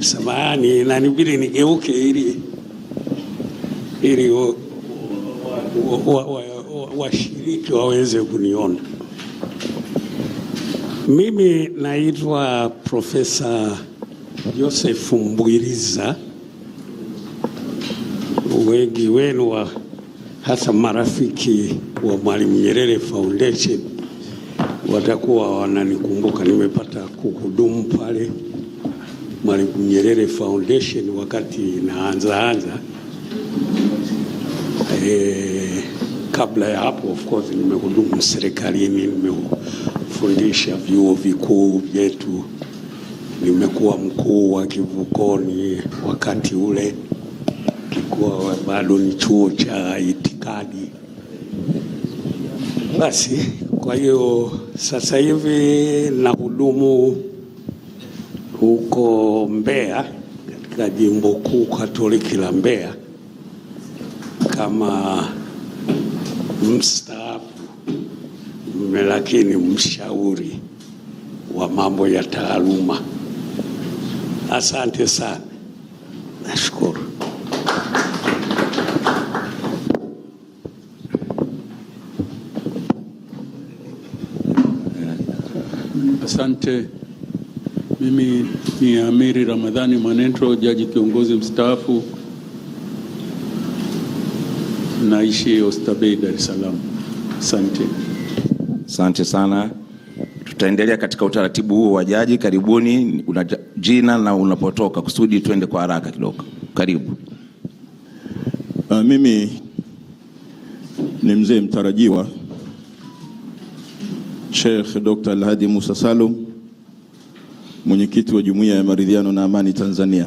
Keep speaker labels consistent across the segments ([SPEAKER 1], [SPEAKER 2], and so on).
[SPEAKER 1] samahani, nibidi nigeuke ili ili washiriki wa, wa, wa, wa waweze kuniona. Mimi naitwa Profesa Joseph Mbwiriza. Wengi wenu wa hasa marafiki wa Mwalimu Nyerere Foundation watakuwa wananikumbuka, nimepata kuhudumu pale Mwalimu Nyerere Foundation wakati inaanza anza. E, kabla ya hapo of course nimehudumu serikalini, nimefundisha vyuo vikuu vyetu, nimekuwa mkuu wa Kivukoni wakati ule kikuwa bado ni chuo cha itikadi. Basi kwa hiyo sasa hivi nahudumu huko Mbeya katika jimbo kuu Katoliki la Mbeya kama mstaafu, lakini mshauri wa mambo ya taaluma. Asante sana, nashukuru.
[SPEAKER 2] Asante. Mimi ni Amiri Ramadhani manentro jaji kiongozi mstaafu, naishi Oysterbay, Dar es Salaam. Asante,
[SPEAKER 3] asante sana. Tutaendelea katika utaratibu huo wa jaji. Karibuni, una jina na unapotoka, kusudi tuende kwa haraka kidogo. Karibu.
[SPEAKER 4] Uh, mimi ni mzee mtarajiwa Sheikh Dr. Alhadi Musa Salum mwenyekiti wa Jumuiya ya Maridhiano na Amani Tanzania.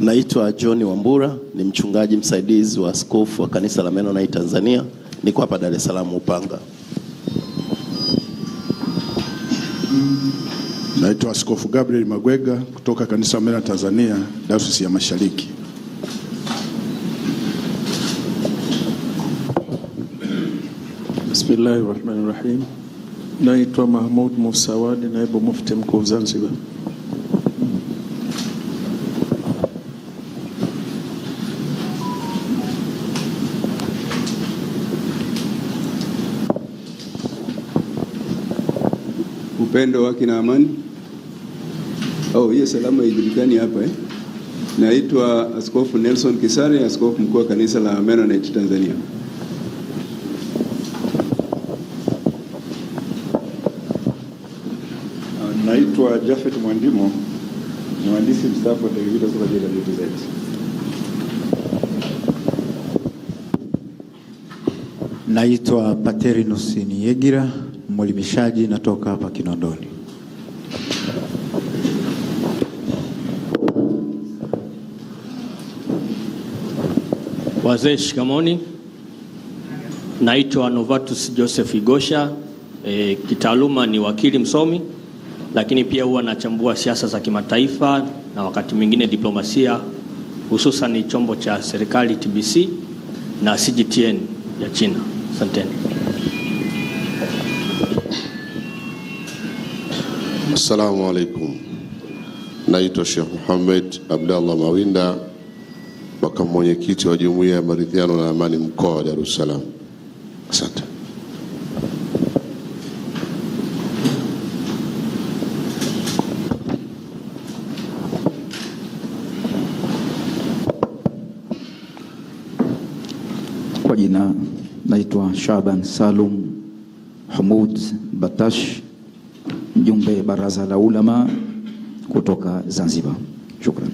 [SPEAKER 5] Naitwa John Wambura, ni mchungaji msaidizi wa askofu wa kanisa la menonai Tanzania, niko hapa Dar es Salaam Upanga.
[SPEAKER 6] Naitwa Askofu Gabriel Magwega kutoka kanisa la Mennonite Tanzania, Dayosisi ya Mashariki.
[SPEAKER 7] Bismillahi rahmani rahim. Naitwa Mahmud Musawadi, naibu mufti mkuu Zanzibar.
[SPEAKER 8] Upendo wake na amani. Oh, hiyo salama ijulikani hapa eh? Naitwa Askofu Nelson Kisari, askofu mkuu wa kanisa la Mennonite Tanzania.
[SPEAKER 9] vile tunajenda vitu zetu.
[SPEAKER 10] Naitwa Paterinus Niegira, mwalimishaji natoka hapa Kinondoni.
[SPEAKER 11] Wazee shikamoni. Naitwa Novatus Joseph Igosha. E, kitaaluma ni wakili msomi, lakini pia huwa nachambua siasa za kimataifa na wakati mwingine diplomasia, hususan chombo cha serikali TBC na CGTN ya China. Asanteni.
[SPEAKER 12] Assalamu alaikum. Naitwa Sheikh Muhammad Abdallah Mawinda, makamu mwenyekiti wa Jumuiya ya Maridhiano na Amani mkoa wa Dar es Salaam. Asante.
[SPEAKER 13] Shaban Salum Humud Batash, mjumbe baraza la ulama kutoka Zanzibar. Shukran.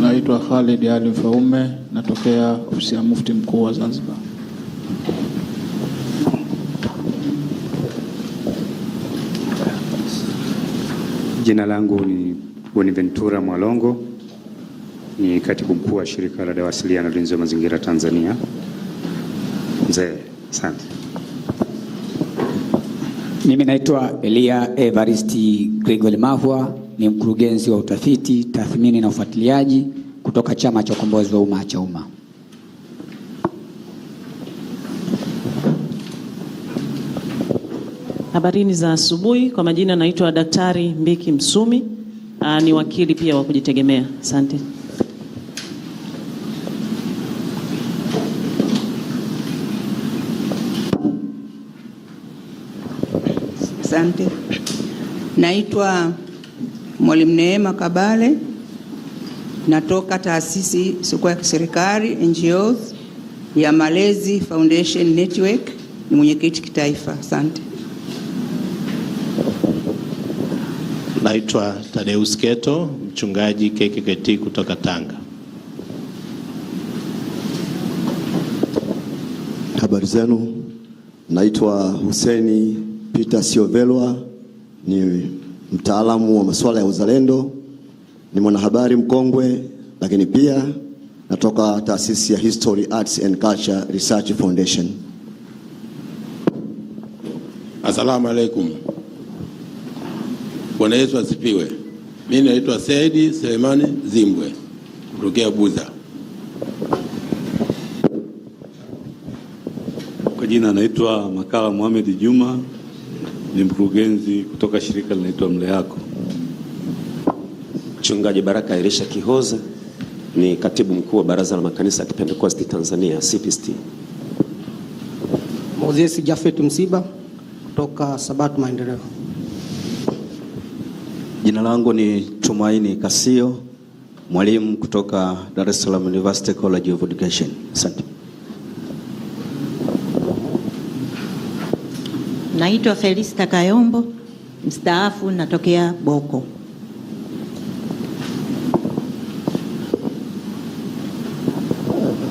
[SPEAKER 14] Naitwa Khalid Ali Mfaume, natokea ofisi ya mufti mkuu wa Zanzibar.
[SPEAKER 8] Jina langu ni Boniventura Mwalongo ni katibu mkuu wa shirika la dawa asilia na ulinzi wa mazingira Tanzania. Mzee, asante.
[SPEAKER 15] Mimi naitwa Elia Evaristi Gregory Mahwa, ni mkurugenzi wa utafiti, tathmini na ufuatiliaji kutoka Chama cha Ukombozi wa Umma cha Umma.
[SPEAKER 16] Habarini za asubuhi. Kwa majina naitwa Daktari Mbiki Msumi. Aa, ni wakili pia wa kujitegemea. Asante.
[SPEAKER 17] Asante. Naitwa Mwalimu Neema Kabale, natoka taasisi sukua ya kiserikali NGOs ya Malezi Foundation Network, ni mwenyekiti kitaifa. Asante.
[SPEAKER 18] Naitwa Tadeus Keto, mchungaji KKKT kutoka Tanga.
[SPEAKER 19] Habari zenu, naitwa Huseni Peter Siovelwa ni mtaalamu wa masuala ya uzalendo, ni mwanahabari mkongwe, lakini pia natoka taasisi ya History Arts and Culture Research Foundation.
[SPEAKER 20] Asalamu alaikum. Bwana Yesu asifiwe. Mimi naitwa Saidi Selemani Zimbwe kutokea Buza.
[SPEAKER 21] Kwa jina anaitwa Makala Mohamed Juma ni mkurugenzi kutoka shirika linaloitwa Mleako. Mchungaji Baraka Elisha Kihoza ni katibu mkuu wa Baraza la Makanisa ya Kipentekoste Tanzania CPST.
[SPEAKER 22] Moses Jafet Msiba kutoka Sabato Maendeleo.
[SPEAKER 23] Jina langu ni Tumaini Kasio, mwalimu kutoka Dar es Salaam University College of Education. Asante.
[SPEAKER 24] Naitwa Felista Kayombo, mstaafu, natokea Boko.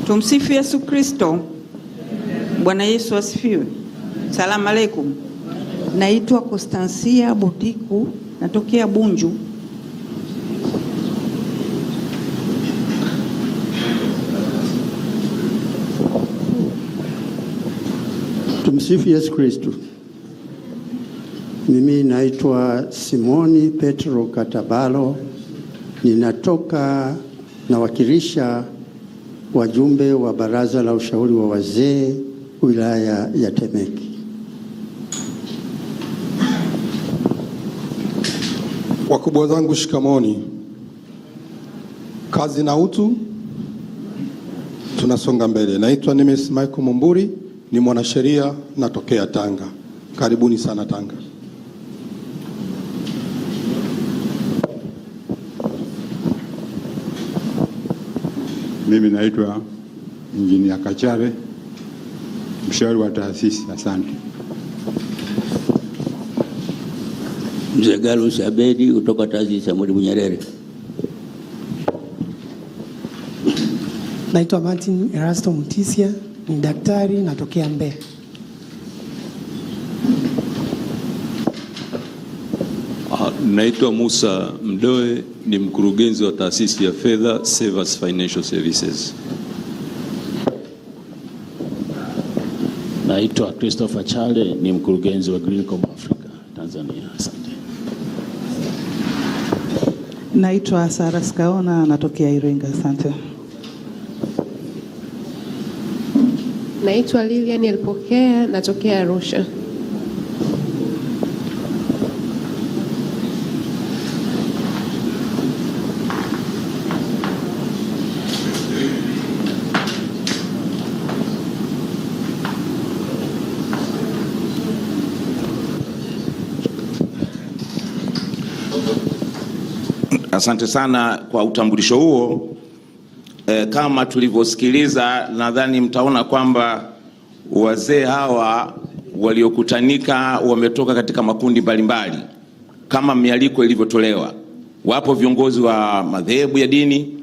[SPEAKER 25] Tumsifu Yesu Kristo. Bwana Yesu asifiwe. Salamu aleikum. Naitwa Konstansia butiku natokea Bunju.
[SPEAKER 26] Tumsifu Yesu Kristo. Mimi naitwa Simoni Petro Katabalo, ninatoka nawakilisha wajumbe wa baraza la ushauri wa wazee wilaya ya Temeke.
[SPEAKER 27] Wakubwa zangu shikamoni. Kazi na utu, tunasonga mbele. Naitwa Nimes Michael Mumburi, ni mwanasheria natokea Tanga. Karibuni sana Tanga.
[SPEAKER 28] Mimi naitwa Injinia Kachare, mshauri wa taasisi. Asante.
[SPEAKER 29] Mzee Galus Abedi kutoka taasisi ya Mwalimu Nyerere.
[SPEAKER 30] Naitwa Martin Erasto Mtisia, ni daktari natokea Mbeya.
[SPEAKER 31] Naitwa Musa Mdoe, ni mkurugenzi wa taasisi ya fedha Savers Financial Services.
[SPEAKER 32] Naitwa Christopher Chale, ni mkurugenzi wa Greencom Africa Tanzania. Asante.
[SPEAKER 33] Naitwa Sara Skaona, natokea Iringa. Asante.
[SPEAKER 34] Naitwa Lilian Elpokea, natokea Arusha.
[SPEAKER 35] Asante sana kwa utambulisho huo. E, kama tulivyosikiliza, nadhani mtaona kwamba wazee hawa waliokutanika wametoka katika makundi mbalimbali kama mialiko ilivyotolewa. Wapo viongozi wa madhehebu ya dini,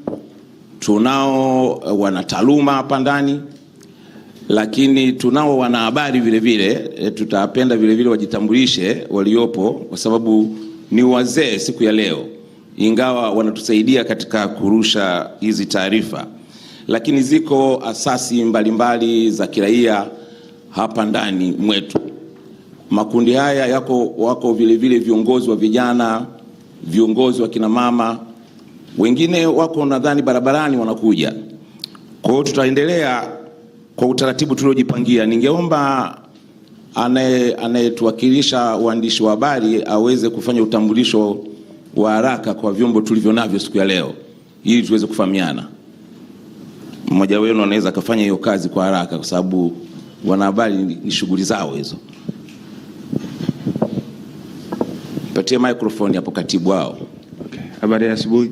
[SPEAKER 35] tunao eh, wanataaluma hapa ndani, lakini tunao wanahabari vile vile. Eh, tutapenda vile vile wajitambulishe waliopo, kwa sababu ni wazee siku ya leo ingawa wanatusaidia katika kurusha hizi taarifa, lakini ziko asasi mbalimbali mbali za kiraia hapa ndani mwetu. Makundi haya yako wako vilevile viongozi wa vijana, viongozi wa kinamama, wengine wako nadhani barabarani wanakuja. Kwa hiyo tutaendelea kwa utaratibu tuliojipangia. Ningeomba anayetuwakilisha waandishi wa habari aweze kufanya utambulisho wa haraka kwa vyombo tulivyo navyo siku ya leo, ili tuweze kufahamiana. Mmoja wenu anaweza akafanya hiyo kazi kwa haraka, kwa sababu wanahabari ni shughuli zao hizo. Patie microphone hapo katibu wao.
[SPEAKER 36] Okay. Habari ya asubuhi.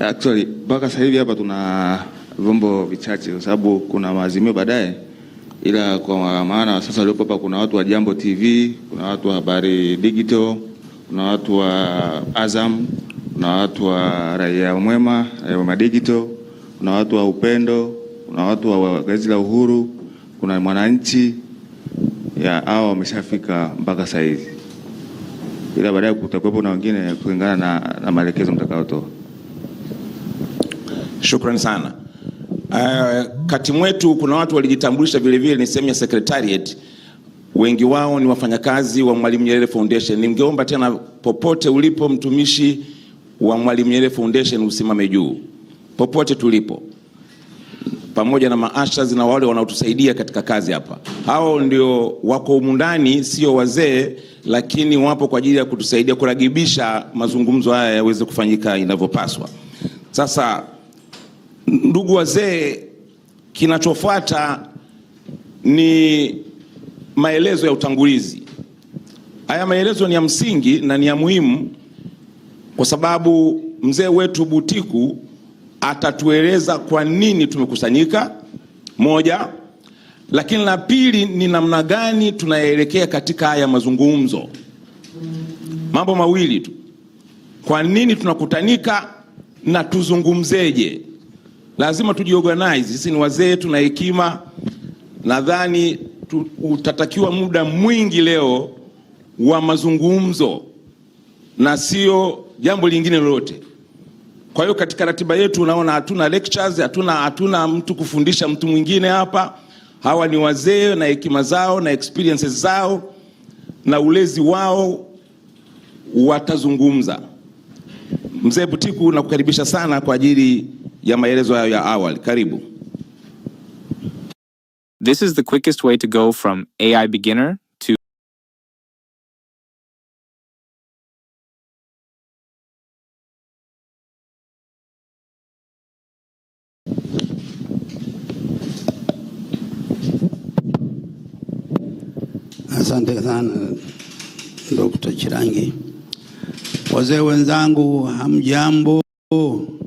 [SPEAKER 36] Actually, ah, mpaka sasa hivi hapa tuna vyombo vichache kwa sababu kuna maazimio baadaye, ila kwa maana sasa uliopo hapa kuna watu wa Jambo TV, kuna watu wa Habari Digital kuna watu wa Azam, kuna watu wa Raia Mwema, Raia Mwema Digital, kuna watu wa Upendo, kuna watu wa gazeti la Uhuru, kuna Mwananchi ya hao wameshafika mpaka saa hizi, ila baadaye kutakuwepo na wengine kulingana na, na maelekezo mtakayotoa.
[SPEAKER 35] Shukrani sana. Uh, eh, kati mwetu kuna watu walijitambulisha vilevile, ni sehemu ya secretariat wengi wao ni wafanyakazi wa Mwalimu Nyerere Foundation. Ningeomba tena popote ulipo mtumishi wa Mwalimu Nyerere Foundation usimame juu, popote tulipo, pamoja na maasha na wale wanaotusaidia katika kazi hapa. Hao ndio wako humu ndani, sio wazee, lakini wapo kwa ajili ya kutusaidia kuragibisha mazungumzo haya yaweze kufanyika inavyopaswa. Sasa ndugu wazee, kinachofuata ni maelezo ya utangulizi. Haya maelezo ni ya msingi na ni ya muhimu kwa sababu mzee wetu Butiku atatueleza kwa nini tumekusanyika, moja. Lakini la pili ni namna gani tunaelekea katika haya mazungumzo. Mambo mawili tu, kwa nini tunakutanika na tuzungumzeje. Lazima tujiorganize, sisi ni wazee, tuna hekima nadhani utatakiwa muda mwingi leo wa mazungumzo na sio jambo lingine lolote. Kwa hiyo katika ratiba yetu unaona hatuna lectures, hatuna hatuna mtu kufundisha mtu mwingine hapa. Hawa ni wazee na hekima zao na experiences zao na ulezi wao watazungumza. Mzee Butiku, nakukaribisha sana kwa ajili ya maelezo hayo ya awali. Karibu. This is the quickest way to go from AI beginner to Asante sana Dr. Chirangi. Wazee wenzangu, hamjambo?